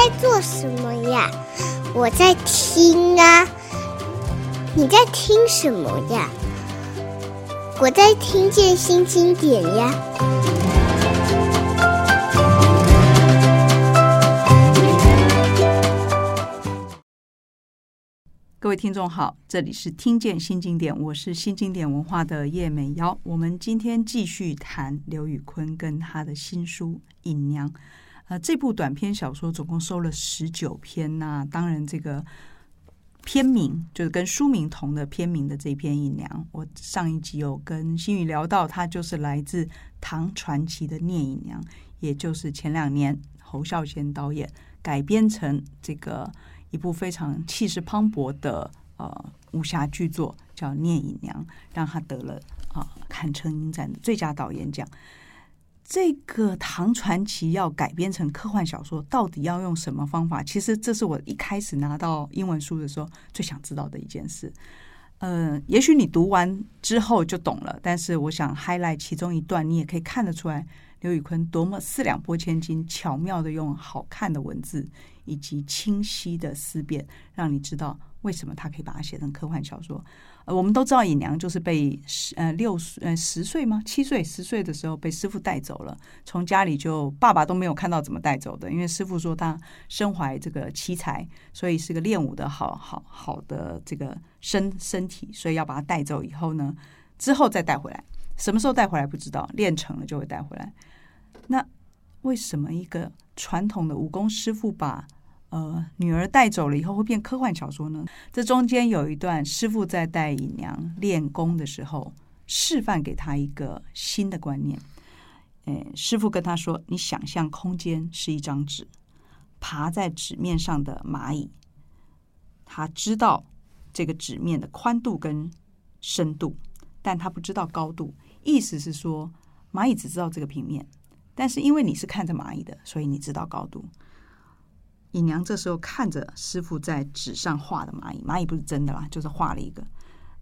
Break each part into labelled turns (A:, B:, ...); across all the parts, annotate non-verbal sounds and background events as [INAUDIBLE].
A: 在做什麼呀？我在聽啊。你在聽什麼呀？我在聽見新經典呀。
B: 各位聽眾好，這裡是聽見新經典，我是新經典文化的葉美瑤。我們今天繼續談劉宇昆跟他的新書《隱娘》。那、呃、這部短篇小說總共收了十九篇，那當然這個篇名就是跟書名同的篇名的這篇《隱娘》，我上一集有跟心愉聊到，它就是來自唐傳奇的《聶隱娘》，也就是前兩年侯孝賢導演改編成這個一部非常氣勢磅礴的呃武俠劇作，叫《聶隱娘》，讓他得了啊，坎、呃、城影展的最佳導演獎。這個唐傳奇要改編成科幻小說，到底要用什麼方法？其實這是我一開始拿到英文書的時候最想知道的一件事。嗯、呃，也許你讀完之後就懂了，但是我想 highlight 其中一段，你也可以看得出來劉宇昆多麼四兩撥千斤，巧妙的用好看的文字以及清晰的思辨，讓你知道。為什麼他可以把它寫成科幻小說？呃，我們都知道，隱娘就是被十呃六歲呃十歲嗎？七歲十歲的時候被師傅帶走了，從家裡就爸爸都沒有看到怎麼帶走的，因為師傅說他身懷這個奇才，所以是個練武的好好好，好的這個身身體，所以要把他帶走以後呢，之後再帶回來。什麼時候帶回來不知道，練成了就會帶回來。那為什麼一個傳統的武功師傅把呃，女兒帶走了以後會變科幻小說呢？這中間有一段，師傅在帶隱娘練功的時候，示範給她一個新的觀念。呃，師傅跟他說：“你想象空間是一張紙，爬在紙面上的螞蟻，他知道這個紙面的寬度跟深度，但他不知道高度。意思是說，螞蟻只知道這個平面，但是因為你是看着螞蟻的，所以你知道高度。”隱娘這時候看着師傅在紙上畫的螞蟻，螞蟻不是真的啦，就是畫了一個。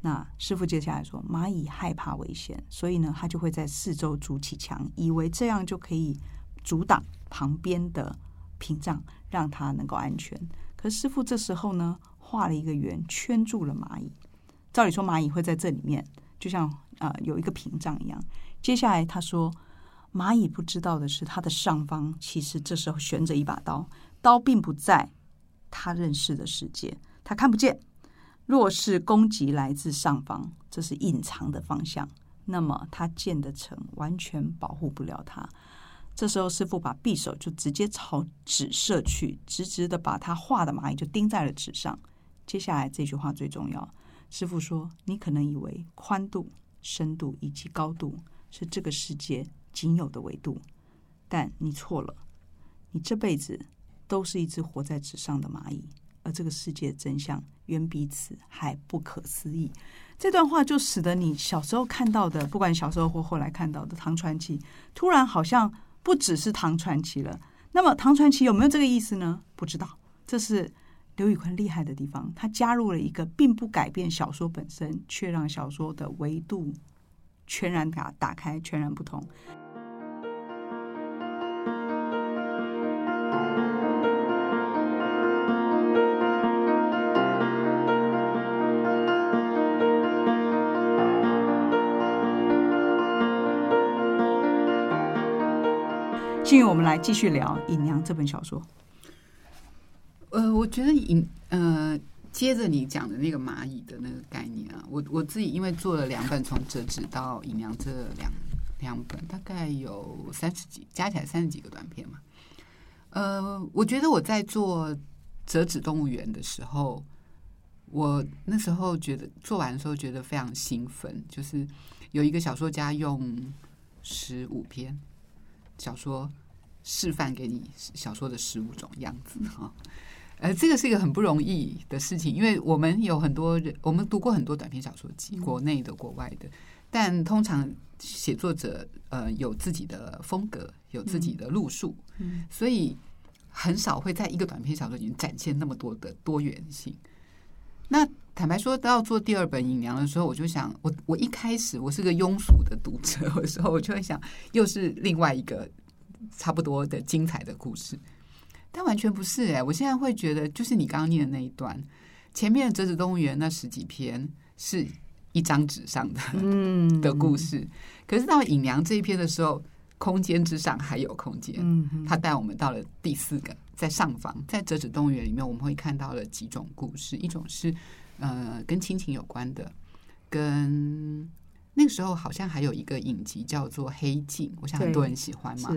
B: 那師傅接下來說：“螞蟻害怕危險，所以呢，他就會在四周築起牆，以為這樣就可以阻擋旁邊的屏障，讓它能夠安全。可師傅這時候呢，畫了一個圓，圈住了螞蟻。照理說，螞蟻會在這裡面，就像啊、呃、有一個屏障一樣。接下來他說，螞蟻不知道的是，它的上方其實這時候懸着一把刀。”刀並不在他認識的世界，他看不見。若是攻擊來自上方，這是隱藏的方向，那麼他建的城完全保護不了他。這時候，師傅把匕首就直接朝紙射去，直直的把他畫的螞蟻就釘在了紙上。接下來這句話最重要：師傅說，你可能以為寬度、深度以及高度是這個世界僅有的維度，但你錯了，你這輩子，都是一隻活在紙上的螞蟻，而這個世界真相遠比此還不可思議。這段話就使得你小時候看到的，不管小時候或後來看到的《唐傳奇》，突然好像不只是《唐傳奇》了。那麼《唐傳奇》有沒有這個意思呢？不知道。這是劉宇昆厲害的地方，他加入了一個並不改變小說本身，卻讓小說的維度全然打打開，全然不同。今天我們來繼續聊《隱娘》這本小說。
A: 呃，我覺得隱呃，接着你講的那個螞蟻的那個概念啊，我我自己因為做了兩本，從摺紙到《隱娘》這兩兩本，大概有三十幾，加起來三十幾個短篇嘛。呃，我覺得我在做《摺紙動物園》的時候，我那時候覺得做完的時候覺得非常興奮，就是有一個小說家用十五篇。小說示範給你小說的十五種樣子哈、嗯，呃，這個是一個很不容易的事情，因為我們有很多人，我們讀過很多短篇小說集，國內的、國外的，但通常寫作者呃有自己的風格，有自己的路數、嗯，所以很少會在一個短篇小說裡面展現那麼多的多元性。那。坦白說，到做第二本《隱娘》的時候，我就想，我我一開始我是個庸俗的讀者的時候，我就會想，又是另外一個差不多的精彩的故事，但完全不是哎、欸。我現在會覺得，就是你剛剛念的那一段，前面的《摺紙動物園》那十幾篇是一張紙上的、嗯、的故事，可是到《隱娘》這一篇的時候，空間之上還有空間。嗯，他帶我們到了第四個，在上方，在《摺紙動物園》裡面，我們會看到了幾種故事，一種是，呃，跟親情有關的，跟那個時候好像還有一個影集叫做黑《黑鏡》，我想很多人喜歡嘛。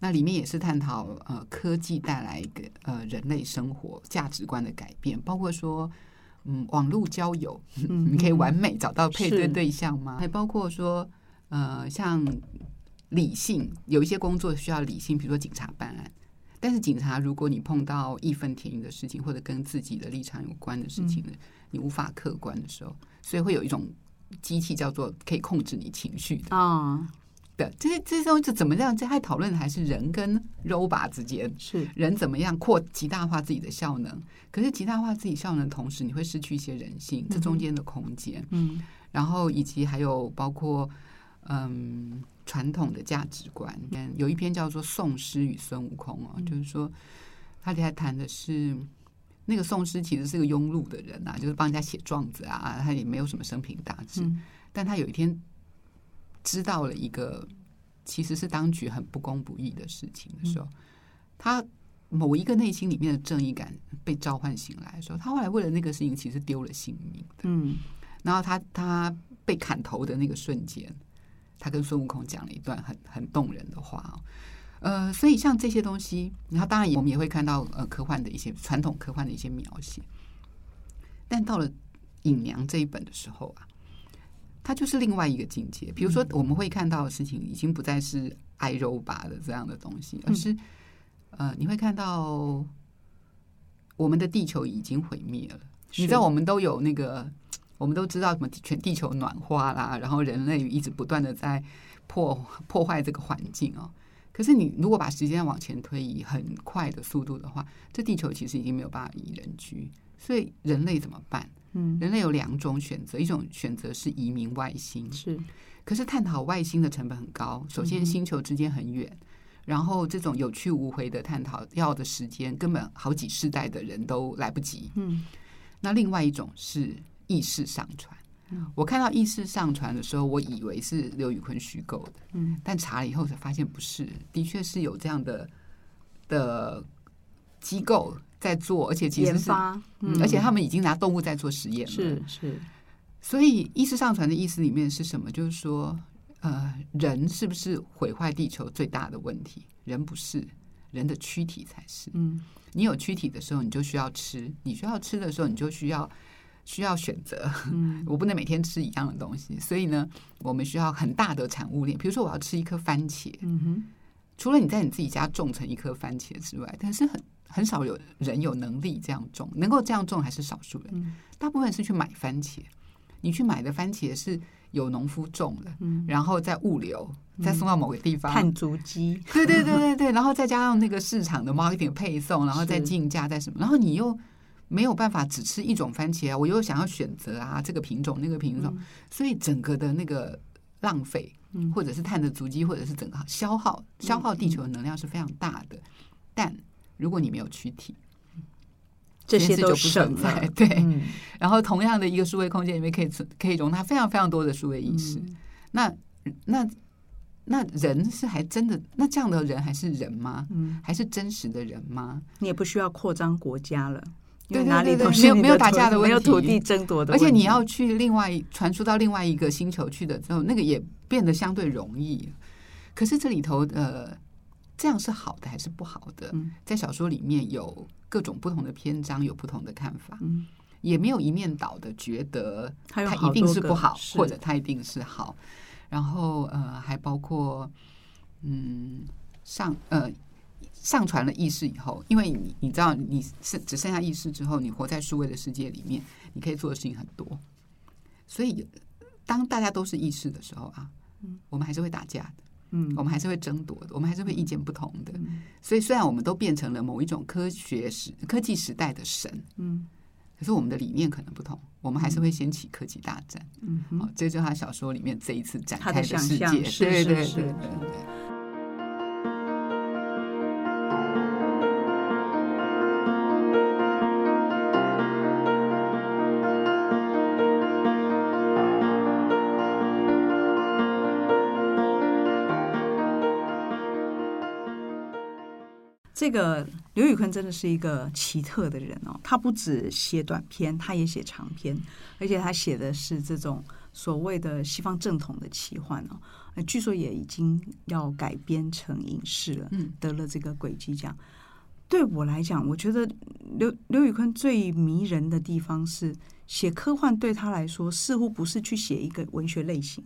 A: 那裡面也是探討呃科技帶來一個呃人類生活價值觀的改變，包括說嗯網絡交友嗯嗯，你可以完美找到配對對象嗎？還包括說呃像理性，有一些工作需要理性，比如說警察辦案，但是警察如果你碰到義憤填膺的事情或者跟自己的立場有關的事情呢？嗯無法客觀的時候，所以會有一種機器叫做可以控制你情緒的啊、哦，對，這些這些東西怎麼樣？這還討論的還是人跟 robot 之間是人怎麼樣擴極大化自己的效能？可是極大化自己效能的同時，你會失去一些人性，嗯，這中間的空間。嗯，然後以及還有包括嗯傳統的價值觀，嗯，有一篇叫做《宋詩與孫悟空》哦哦、嗯，就是說，它在談的是。那個訟師其實是個庸碌的人啊，就是幫人家寫狀子啊，啊，他也沒有什麼生平大志、嗯。但他有一天知道了一個其實是當局很不公不義的事情的時候，嗯、他某一個內心裡面的正義感被召喚醒來的時候，說他後來為了那個事情其實丟了性命
B: 的。
A: 嗯，然後他他被砍頭的那個瞬間，他跟孫悟空講了一段很很動人的話、哦。呃，所以像這些東西，然後當然我們也會看到呃科幻的一些傳統科幻的一些描寫，但到了《隱娘》這一本的時候啊，它就是另外一個境界。比如說，我們會看到的事情已經不再是艾柔吧的這樣的東西，而是、嗯、呃，你會看到我們的地球已經毀滅了。你知道，我們都有那個，我們都知道什麼？全地球暖化啦，然後人類一直不斷的在破破壞這個環境啊、哦。可是你如果把時間往前推移很快的速度的話，這地球其實已經沒有辦法宜居，所以人類怎麼辦？嗯，人類有兩種選擇，一種選擇是移民外星，是，可是探討外星的成本很高，首先星球之間很遠，嗯，然後這種有去無回的探討要的時間根本好幾世代的人都來不及，嗯，那另外一種是意識上傳。我看到意識上傳的時候，我以為是劉宇昆虛構的、嗯，但查了以後才發現不是，的確是有這樣的的機構在做，而且其實是研發、嗯，而且他們已經拿動物在做實驗了。是是，所以意識上傳的意思裡面是什麼？就是說，呃，人是不是毀壞地球最大的問題？人不是，人的軀體才是。嗯、你有軀體的時候，你就需要吃；你需要吃的時候，你就需要。需要選擇，我不能每天吃一樣的東西、嗯，所以呢，我們需要很大的產物鏈。比如說，我要吃一顆番茄、嗯，除了你在你自己家種成一顆番茄之外，但是很很少有人有能力這樣種，能夠這樣種還是少數人、嗯，大部分是去買番茄。你去買的番茄是有農夫種的，嗯、然後在物流再送到某個地方，碳、嗯、足跡，對對對對對，然後再加上那個市場的 marketing 配送，然後再進價再什麼，然後你又。沒有辦法只吃一種番茄，啊，我又想要選擇啊，這個品種那個品種，嗯，所以整個的那個浪費，嗯，或者是碳的足跡，或者是整個消耗，嗯、消耗地球的能量是非常大的。但如果你沒有軀體，這些都就不存在。嗯、對、嗯，然後同樣的一個數位空間裡面可以存可以容納非常非常多的數位意識，嗯。那那那人是還真的？那這樣的人還是人嗎，嗯？還是真實的人嗎？
B: 你也不需要擴張國家了。對，哪裡都沒有沒有打架的問題，沒有土地爭奪的問題。而且你要
A: 去另外傳輸到另外一個星球去的時候，那個也變得相對容易。可是這裡頭，呃，這樣是好的還是不好的？在小說裡面有各種不同的篇章，有不同的看法。嗯，也沒有一面倒的，覺得他一定是不好，或者他一定是好。然後，呃，還包括，嗯，上，呃。上傳了意識以後，因為你你知道你是只剩下意識之後，你活在數位的世界裡面，你可以做的事情很多。所以當大家都是意識的時候啊，嗯，我們還是會打架的，嗯，我們還是會爭奪的，我們還是會意見不同的。嗯，所以雖然我們都變成了某一種科學時科技時代的神，嗯，可是我們的理念可能不同，我們還是會掀起科技大戰。嗯，好，嗯嗯，哦，這就是他小說裡面這一次展開的世界，對對對。
B: 這個劉宇昆真的是一個奇特的人哦，他不止寫短篇，他也寫長篇，而且他寫的是這種所謂的西方正統的奇幻哦。據說也已經要改編成影視了，得了這個軌跡獎。嗯，對我來講，我覺得劉劉宇昆最迷人的地方是，寫科幻對他來說似乎不是去寫一個文學類型，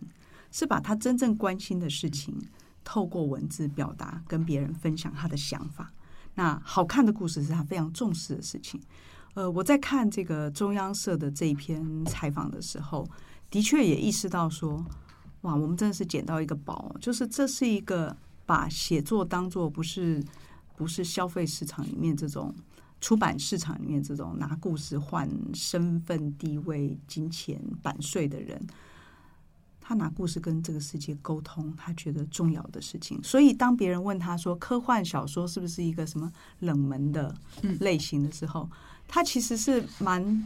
B: 是把他真正關心的事情透過文字表達，跟別人分享他的想法。那好看的故事是他非常重視的事情，呃，我在看這個中央社的這一篇採訪的時候，的確也意識到說，哇，我們真的是撿到一個寶，就是這是一個把寫作當做不是，不是消費市場裡面這種，出版市場裡面這種拿故事換身份、地位、金錢、版稅的人。他拿故事跟這個世界溝通，他覺得重要的事情。所以當別人問他說：“科幻小說是不是一個什麼冷門的類型”的時候，嗯，他其實是蠻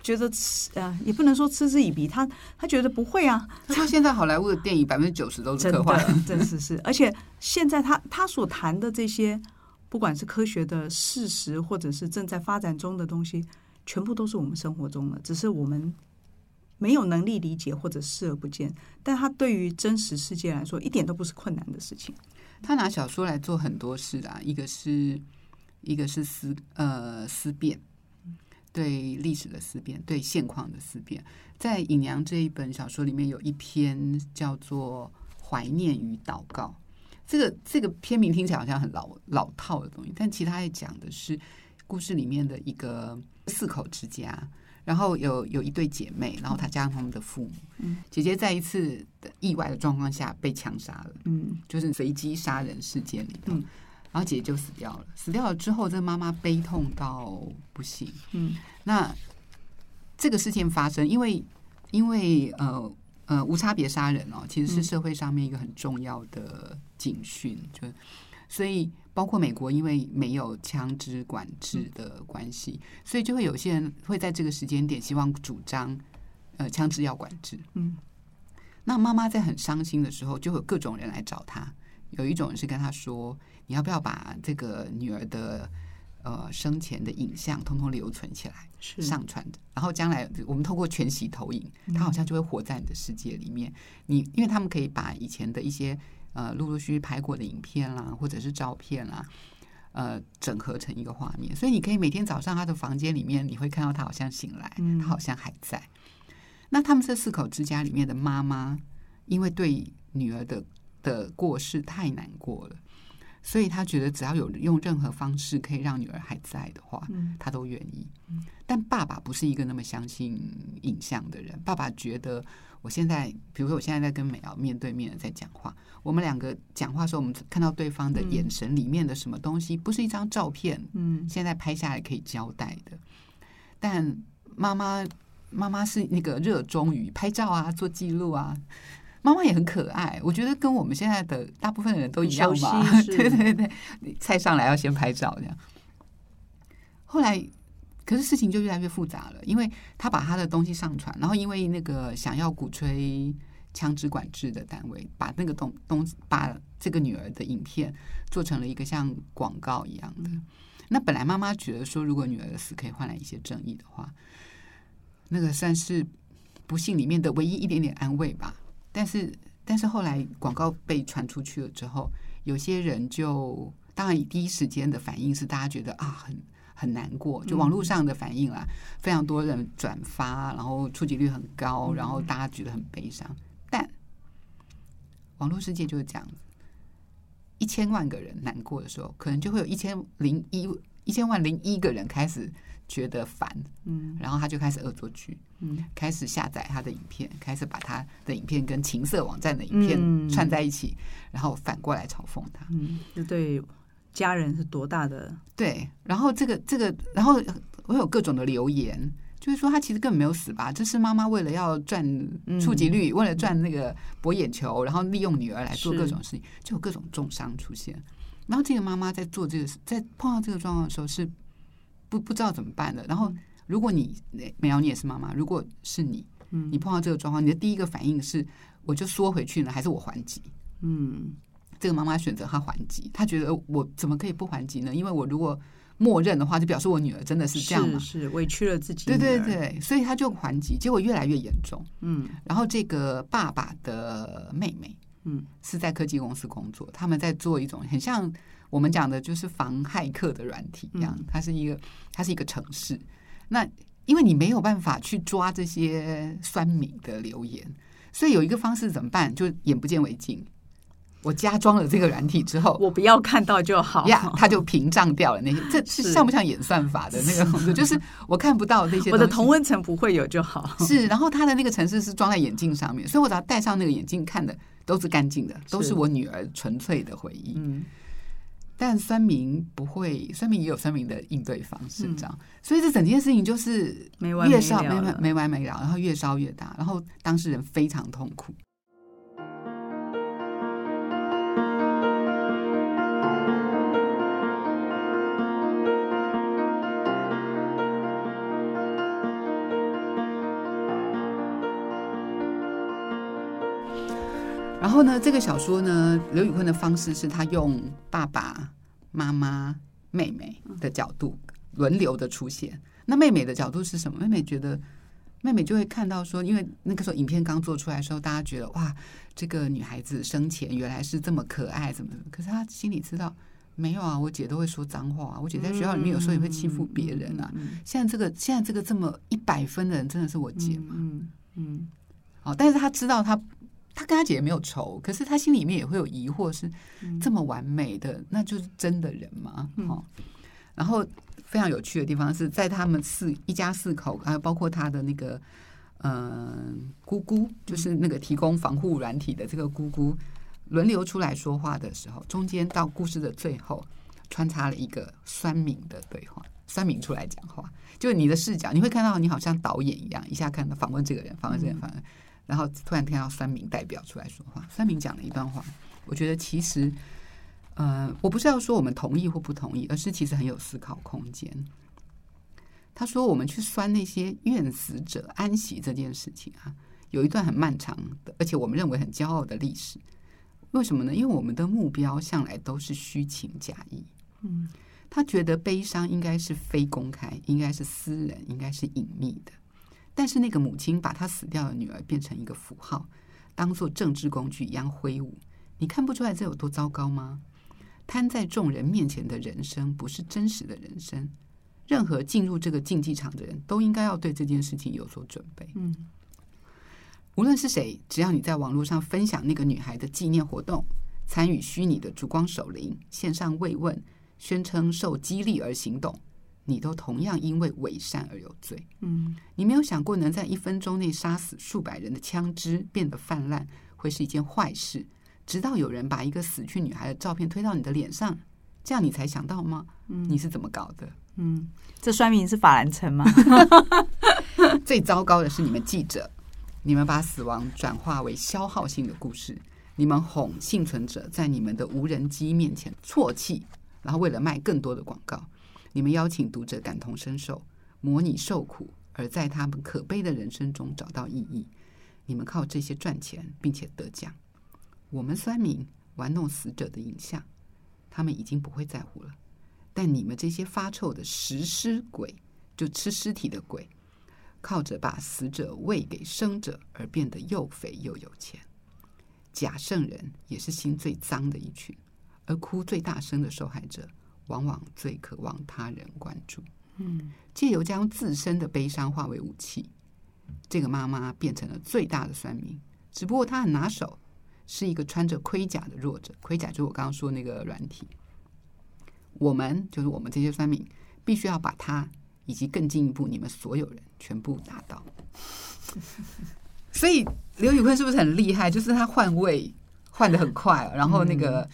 B: 覺得呃，也不能說嗤之以鼻。他他覺得不會啊。他說：“現在好萊塢的電
A: 影百分之九十都是科幻，真
B: 是是。而且現在他他所談的這些，不管是科學的事實，或者是正在發展中的東西，全部都是我們生活中的，只是我們。”沒有能力理解或者視而不見，但他對於
A: 真實世界來說，一點都不是困難的事情。他拿小說來做很多事的、啊，一個是，一個是思呃思辨，對歷史的思辨，對現況的思辨。在《隱娘》這一本小說裡面，有一篇叫做《懷念與禱告》。這個這個篇名聽起來好像很老老套的東西，但其實他也講的是故事裡面的一個四口之家。然後有有一對姐妹，然後她加上他們的父母，姐姐在一次意外的狀況下被槍殺了，就是隨機殺人事件裡頭，然後姐姐就死掉了。死掉了之後，這媽媽悲痛到不行，那這個事件發生，因為因為呃呃無差別殺人哦，其實是社會上面一個很重要的警訊，就是。所以，包括美國，因為沒有槍支管制的關係，所以就會有些人會在這個時間點希望主張，呃，槍支要管制。嗯。那媽媽在很傷心的時候，就有各種人來找她。有一種人是跟她說：“你要不要把這個女兒的呃生前的影像，通通留存起來，上傳的？然後將來我們透過全息投影，她好像就會活在你的世界裡面。你，因為他們可以把以前的一些。”呃，陸陸續續拍過的影片啦、啊，或者是照片啦、啊，呃，整合成一個畫面。所以你可以每天早上他的房間裡面，你會看到他好像醒來、嗯，他好像還在。那他們這四口之家裡面的媽媽，因為對女兒的的過世太難過了，所以他覺得只要有用任何方式可以讓女兒還在的話，嗯、他都願意。但爸爸不是一個那麼相信影像的人，爸爸覺得。我現在，比如說，我現在在跟美瑤面對面的在講話，我們兩個講話的時候，我們看到對方的眼神裡面的什麼東西，嗯，不是一張照片，嗯，現在拍下來可以交代的。但媽媽，媽媽是那個熱衷於拍照啊、做記錄啊。媽媽也很可愛，我覺得跟我們現在的大部分人都一樣嘛。對對對， [LAUGHS] 菜上來要先拍照這樣。後來。可是事情就越來越複雜了，因為他把他的東西上傳，然後因為那個想要鼓吹槍支管制的單位，把那個東東把這個女兒的影片做成了一個像廣告一樣的。嗯。那本來媽媽覺得說，如果女兒的死可以換來一些正義的話，那個算是不幸裡面的唯一一點點安慰吧。但是但是後來廣告被傳出去了之後，有些人就當然第一時間的反應是大家覺得啊很。很難過，就網絡上的反應啦、啊嗯，非常多人轉發，然後觸及率很高，嗯，然後大家覺得很悲傷，嗯。但網絡世界就是這樣，一千萬個人難過的時候，可能就會有一千零一、一千萬零一個人開始覺得煩，嗯，然後他就開始惡作劇，嗯，開始下載他的影片，嗯，開始把他的影片跟情色網站的影片串在一起，嗯、然後反過來嘲諷他，嗯，對。家人是多大的？對，然後這個這個，然後我有各種的留言，就是說他其實根本沒有死吧，這、就是媽媽為了要賺觸及率，嗯，為了賺那個博眼球，然後利用女兒來做各種事情，就有各種中傷出現。然後這個媽媽在做這個，在碰到這個狀況的時候是不不知道怎麼辦的。然後如果你美瑤，你也是媽媽，如果是你，你碰到這個狀況，你的第一個反應是我就縮回去呢，還是我還擊？嗯。這個媽媽選擇她還擊，她覺得我怎麼可以不還擊呢？因為我如果默認的話，就表示我女兒真的是這樣嘛，是，是委屈了自己。對對對，所以她就還擊，結果越來越嚴重。嗯，然後這個爸爸的妹妹，嗯，是在科技公司工作，嗯，他們在做一種很像我們講的就是防駭客的軟體一樣，嗯，它是一個它是一個城市。那因為你沒有辦法去抓這些酸民的留言，所以有一個方式怎麼辦？就眼不見為淨。我加裝了這個軟體之後，我不要看到就好。呀，它就屏障掉了那些，這是像不像演算法的那個是 [LAUGHS] 就是我看不到那些。我的同溫層不會有就好。是，然後它的那個程式，是裝在眼鏡上面，所以我只要戴上那個眼鏡看的，都是乾淨的，都是我女兒純粹的回憶。嗯。但酸民不會，酸民也有酸民的應對方式，這樣、嗯。所以這整件事情就是沒完沒了，沒完沒完沒了，然後越燒越大，然後當事人非常痛苦。然後呢，這個小說呢，劉宇昆的方式是他用爸爸媽媽、妹妹的角度輪流的出現。那妹妹的角度是什麼？妹妹覺得，妹妹就會看到說，因為那個時候影片剛做出來的時候，大家覺得哇，這個女孩子生前原來是這麼可愛，什麼的。可是她心裡知道，沒有啊，我姐都會說髒話啊，我姐在學校裡面有時候也會欺負別人啊。現在這個，嗯，現在這個這麼一百分的人，真的是我姐嗎？嗯嗯。好、哦，但是她知道她。他跟他姐姐沒有仇，可是他心裡面也會有疑惑：是這麼完美的、嗯，那就是真的人嗎、嗯？然後非常有趣的地方是在他們四一家四口，還有包括他的那個嗯、呃、姑姑，就是那個提供防護軟體的這個姑姑、嗯，輪流出來說話的時候，中間到故事的最後，穿插了一個酸敏的對話，酸敏出來講話，就你的視角，你會看到你好像導演一樣，一下看到訪問這個人，訪問這個人，訪、嗯、問。然後突然聽到酸民代表出來說話，酸民講了一段話，我覺得其實，呃，我不是要說我們同意或不同意，而是其實很有思考空間。他說，我們去酸那些願死者安息這件事情啊，有一段很漫長的，而且我們認為很驕傲的歷史。為什麼呢？因為我們的目標向來都是虛情假意。嗯，他覺得悲傷應該是非公開，應該是私人，應該是隱秘的。但是那個母親把她死掉的女兒變成一個符號，當做政治工具一樣揮舞，你看不出來這有多糟糕嗎？攤在眾人面前的人生不是真實的人生。任何進入這個競技場的人都應該要對這件事情有所準備。嗯，無論是誰，只要你在網絡上分享那個女孩的紀念活動，參與虛擬的燭光守靈、線上慰問，宣稱受激勵而行動。你都同樣因為偽善而有罪，嗯，你沒有想過能在一分鐘內殺死數百人的槍支變得泛濫會是一件壞事，直到有人把一個死去女孩的照片推到你的臉上，這樣你才想到嗎？嗯，你是怎麼搞的？嗯，這說明你是法蘭城嗎？ [LAUGHS] 最糟糕的是你們記者，你們把死亡轉化為消耗性的故事，你們哄幸存者在你們的無人機面前啜泣，然後為了賣更多的廣告。你們邀請讀者感同身受，模擬受苦，而在他們可悲的人生中找到意義。你們靠這些賺錢，並且得獎。我們酸民玩弄死者的影像，他們已經不會在乎了。但你們這些發臭的食屍鬼，就吃屍體的鬼，靠着把死者餵給生者而變得又肥又有錢。假聖人也是心最髒的一群，而哭最大聲的受害者，往往最渴望他人關注，嗯，借由將自身的悲傷化為武器，這個媽媽變成了最大的酸民。只不過她很拿手，是一個穿着盔甲的弱者，盔甲就是我剛剛說那個軟體。我們就是我們這些酸民，必須要把她以及更進一步，你們所有人全部打倒。所以劉宇昆是不是很厲害？就是他換位換得很快，然後那個。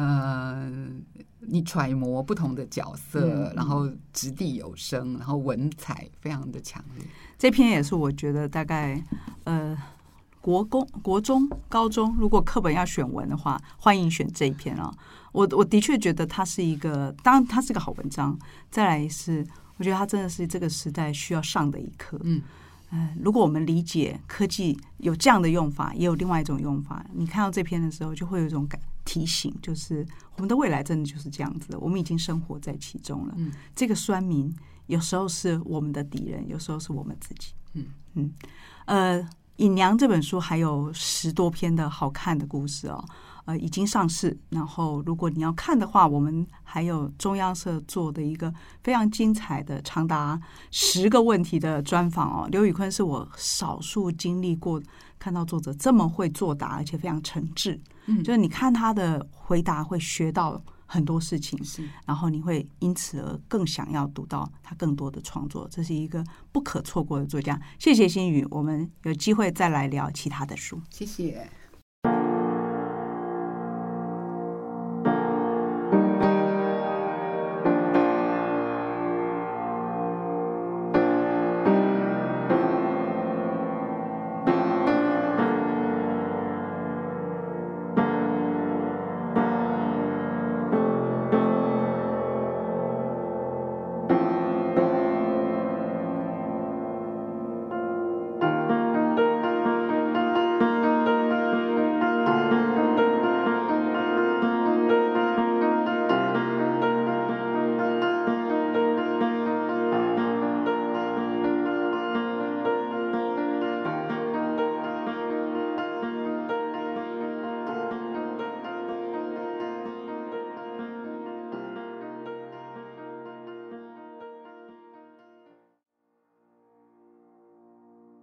A: 呃，你揣摩不同的角色，嗯、然後擲地有聲，然後文采非常的強烈。這篇也是我覺得大概呃，國中、國中、高中，
B: 如果課本要選文的話，歡迎選這一篇啊、哦。我我的確覺得它是一個，當然它是個好文章。再來是，我覺得它真的是這個時代需要上的一課。嗯，呃、如果我們理解科技有這樣的用法，也有另外一種用法，你看到這篇的時候，就會有一種感。提醒，就是我們的未來真的就是這樣子的，我們已經生活在其中了。嗯，這個酸民有時候是我們的敵人，有時候是我們自己。嗯嗯，呃，《隱娘》這本書還有十多篇的好看的故事哦，呃，已經上市。然後，如果你要看的話，我們還有中央社做的一個非常精彩的長達十個問題的專訪哦。劉 [LAUGHS] 宇昆是我少數經歷過看到作者這麼會作答，而且非常誠摯。就是你看他的回答，會學到很多事情，是。然後你會因此而更想要讀到他更多的創作，這是一個不可錯過的作家。謝謝心愉，我們有機會再來聊其他的書。謝謝。